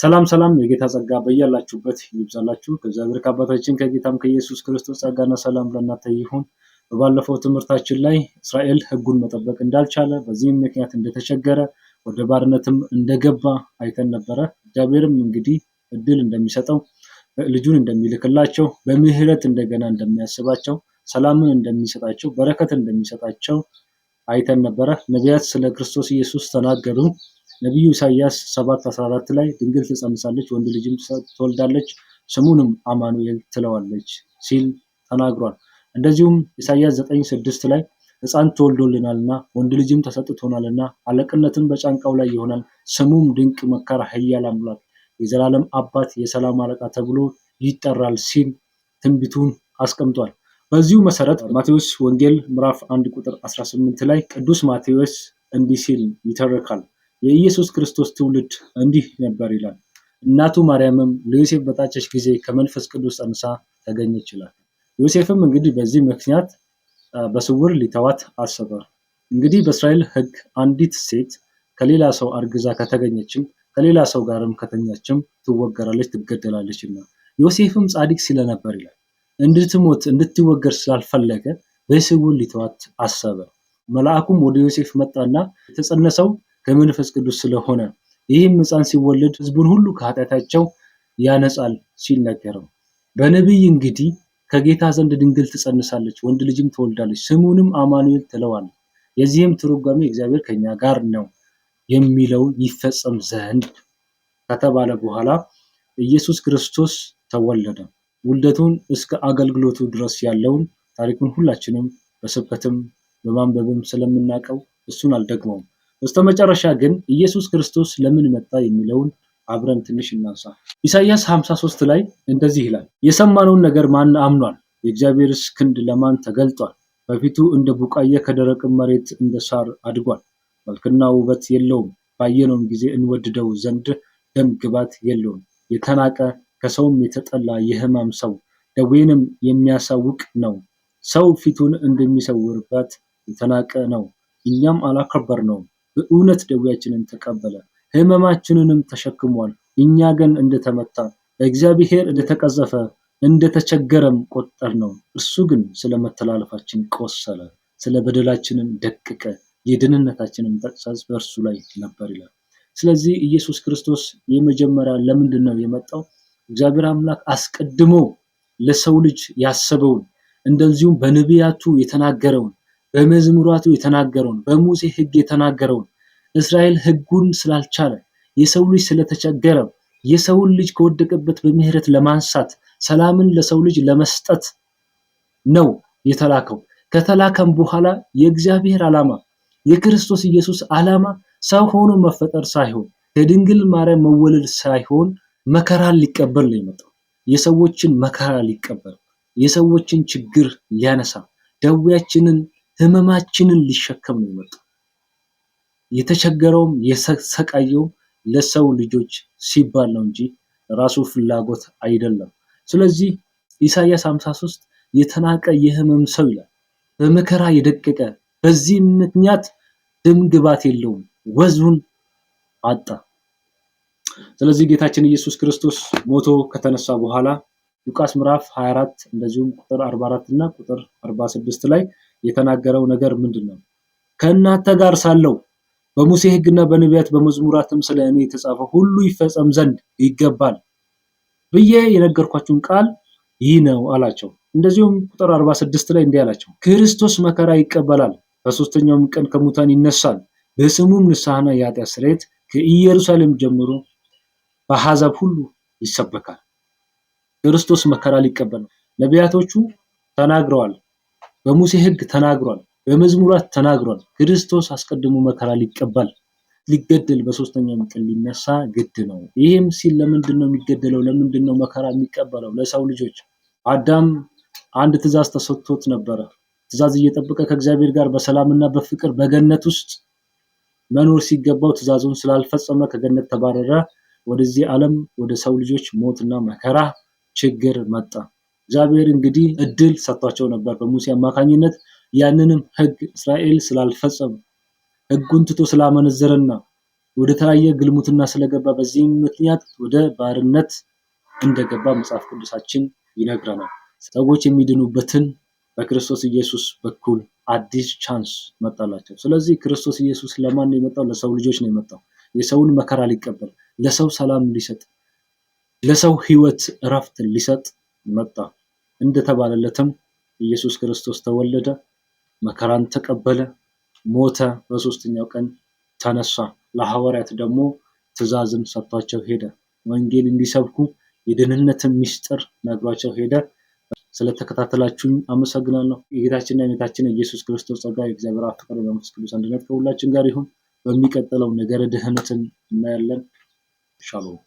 ሰላም ሰላም የጌታ ጸጋ በያላችሁበት ይብዛላችሁ። ከእግዚአብሔር ከአባታችን ከጌታም ከኢየሱስ ክርስቶስ ጸጋና ሰላም ለእናንተ ይሁን። በባለፈው ትምህርታችን ላይ እስራኤል ሕጉን መጠበቅ እንዳልቻለ በዚህም ምክንያት እንደተቸገረ ወደ ባርነትም እንደገባ አይተን ነበረ። እግዚአብሔርም እንግዲህ እድል እንደሚሰጠው ልጁን እንደሚልክላቸው በምህረት እንደገና እንደሚያስባቸው ሰላምን እንደሚሰጣቸው በረከት እንደሚሰጣቸው አይተን ነበረ። ነቢያት ስለ ክርስቶስ ኢየሱስ ተናገሩ። ነቢዩ ኢሳያስ 7:14 ላይ ድንግል ትጸንሳለች፣ ወንድ ልጅም ትወልዳለች፣ ስሙንም አማኑኤል ትለዋለች ሲል ተናግሯል። እንደዚሁም ኢሳያስ 9:6 ላይ ሕፃን ተወልዶልናልና ወንድ ልጅም ተሰጥቶናልና አለቅነትም በጫንቃው ላይ ይሆናል፣ ስሙም ድንቅ መካር፣ ኃያል አምላክ፣ የዘላለም አባት፣ የሰላም አለቃ ተብሎ ይጠራል ሲል ትንቢቱን አስቀምጧል። በዚሁ መሰረት ማቴዎስ ወንጌል ምዕራፍ 1 ቁጥር 18 ላይ ቅዱስ ማቴዎስ እንዲህ ሲል ይተርካል። የኢየሱስ ክርስቶስ ትውልድ እንዲህ ነበር ይላል። እናቱ ማርያምም ለዮሴፍ በታጨች ጊዜ ከመንፈስ ቅዱስ ጸንሳ ተገኘች ይላል። ዮሴፍም እንግዲህ በዚህ ምክንያት በስውር ሊተዋት አሰበ። እንግዲህ በእስራኤል ሕግ አንዲት ሴት ከሌላ ሰው አርግዛ ከተገኘችም ከሌላ ሰው ጋርም ከተኛችም ትወገራለች፣ ትገደላለችና ዮሴፍም ጻድቅ ስለነበር ይላል እንድትሞት እንድትወገር ስላልፈለገ በስውር ሊተዋት አሰበ። መልአኩም ወደ ዮሴፍ መጣና የተጸነሰው ከመንፈስ ቅዱስ ስለሆነ ይህም ህፃን ሲወለድ ህዝቡን ሁሉ ከኃጢአታቸው ያነጻል ሲል ነገረው። በነቢይ እንግዲህ ከጌታ ዘንድ ድንግል ትጸንሳለች፣ ወንድ ልጅም ትወልዳለች፣ ስሙንም አማኑኤል ትለዋል። የዚህም ትርጓሜ እግዚአብሔር ከኛ ጋር ነው የሚለው ይፈጸም ዘንድ ከተባለ በኋላ ኢየሱስ ክርስቶስ ተወለደ። ውልደቱን እስከ አገልግሎቱ ድረስ ያለውን ታሪኩን ሁላችንም በስብከትም በማንበብም ስለምናውቀው እሱን አልደግመውም። በስተመጨረሻ ግን ኢየሱስ ክርስቶስ ለምን መጣ የሚለውን አብረን ትንሽ እናንሳ። ኢሳይያስ 53 ላይ እንደዚህ ይላል፣ የሰማነውን ነገር ማን አምኗል? የእግዚአብሔርስ ክንድ ለማን ተገልጧል? በፊቱ እንደ ቡቃየ ከደረቅ መሬት እንደ ሳር አድጓል። መልክና ውበት የለውም፣ ባየነውም ጊዜ እንወድደው ዘንድ ደም ግባት የለውም። የተናቀ ከሰውም የተጠላ የሕማም ሰው ደዌንም የሚያሳውቅ ነው። ሰው ፊቱን እንደሚሰውርበት የተናቀ ነው፣ እኛም አላከበር ነው በእውነት ደዌያችንን ተቀበለ፣ ሕመማችንንም ተሸክሟል። እኛ ግን እንደተመታ እግዚአብሔር እንደተቀዘፈ እንደተቸገረም ቆጠር ነው። እርሱ ግን ስለ መተላለፋችን ቆሰለ፣ ስለ በደላችንም ደቀቀ፣ የደህንነታችንም ተግሣጽ በእርሱ ላይ ነበር ይላል። ስለዚህ ኢየሱስ ክርስቶስ የመጀመሪያ ለምንድን ነው የመጣው? እግዚአብሔር አምላክ አስቀድሞ ለሰው ልጅ ያሰበውን እንደዚሁም በነቢያቱ የተናገረውን በመዝሙራቱ የተናገረውን በሙሴ ሕግ የተናገረውን እስራኤል ሕጉን ስላልቻለ የሰው ልጅ ስለተቸገረ የሰውን ልጅ ከወደቀበት በምህረት ለማንሳት ሰላምን ለሰው ልጅ ለመስጠት ነው የተላከው። ከተላከም በኋላ የእግዚአብሔር ዓላማ የክርስቶስ ኢየሱስ ዓላማ ሰው ሆኖ መፈጠር ሳይሆን ከድንግል ማርያም መወለድ ሳይሆን መከራን ሊቀበል ነው የመጣው። የሰዎችን መከራ ሊቀበል የሰዎችን ችግር ሊያነሳ ደዌያችንን ህመማችንን ሊሸከም ነው የመጣው። የተቸገረውም የሰቃየውም ለሰው ልጆች ሲባል ነው እንጂ ራሱ ፍላጎት አይደለም። ስለዚህ ኢሳይያስ 53 የተናቀ የህመም ሰው ይላል። በመከራ የደቀቀ በዚህ ምክንያት ደም ግባት የለውም፣ ወዙን አጣ። ስለዚህ ጌታችን ኢየሱስ ክርስቶስ ሞቶ ከተነሳ በኋላ ሉቃስ ምዕራፍ 24 እንደዚሁም ቁጥር 44 እና ቁጥር 46 ላይ የተናገረው ነገር ምንድን ነው? ከእናንተ ጋር ሳለው በሙሴ ሕግና በነቢያት በመዝሙራትም ስለ እኔ የተጻፈ ሁሉ ይፈጸም ዘንድ ይገባል ብዬ የነገርኳችሁን ቃል ይህ ነው አላቸው። እንደዚሁም ቁጥር 46 ላይ እንዲህ አላቸው፣ ክርስቶስ መከራ ይቀበላል፣ በሶስተኛውም ቀን ከሙታን ይነሳል፣ በስሙም ንስሐና የኃጢአት ስርየት ከኢየሩሳሌም ጀምሮ በአሕዛብ ሁሉ ይሰበካል። ክርስቶስ መከራ ሊቀበል ነው። ነቢያቶቹ ተናግረዋል። በሙሴ ሕግ ተናግሯል፣ በመዝሙራት ተናግሯል። ክርስቶስ አስቀድሞ መከራ ሊቀበል ሊገደል በሶስተኛ ቀን ሊነሳ ግድ ነው። ይህም ሲል ለምንድን ነው የሚገደለው? ለምንድን ነው መከራ የሚቀበለው? ለሰው ልጆች አዳም አንድ ትእዛዝ ተሰጥቶት ነበረ። ትእዛዝ እየጠበቀ ከእግዚአብሔር ጋር በሰላምና በፍቅር በገነት ውስጥ መኖር ሲገባው ትእዛዙን ስላልፈጸመ ከገነት ተባረረ። ወደዚህ ዓለም ወደ ሰው ልጆች ሞትና መከራ ችግር መጣ። እግዚአብሔር እንግዲህ እድል ሰጥቷቸው ነበር በሙሴ አማካኝነት። ያንንም ህግ እስራኤል ስላልፈጸሙ ህጉን ትቶ ስላመነዘረና ወደ ተለያየ ግልሙትና ስለገባ በዚህም ምክንያት ወደ ባርነት እንደገባ መጽሐፍ ቅዱሳችን ይነግረናል። ሰዎች የሚድኑበትን በክርስቶስ ኢየሱስ በኩል አዲስ ቻንስ መጣላቸው። ስለዚህ ክርስቶስ ኢየሱስ ለማን ነው የመጣው? ለሰው ልጆች ነው የመጣው። የሰውን መከራ ሊቀበል፣ ለሰው ሰላም ሊሰጥ፣ ለሰው ህይወት እረፍት ሊሰጥ መጣ። እንደተባለለትም ኢየሱስ ክርስቶስ ተወለደ፣ መከራን ተቀበለ፣ ሞተ፣ በሶስተኛው ቀን ተነሳ። ለሐዋርያት ደግሞ ትእዛዝን ሰጥቷቸው ሄደ። ወንጌል እንዲሰብኩ የደህንነትን ምስጢር ነግሯቸው ሄደ። ስለተከታተላችሁኝ አመሰግናለሁ። የጌታችንና የጌታችን ኢየሱስ ክርስቶስ ጸጋ፣ የእግዚአብሔር አብ ፍቅር፣ የመንፈስ ቅዱስ አንድነት ከሁላችን ጋር ይሁን። በሚቀጥለው ነገረ ድህነትን እናያለን። ሻሎም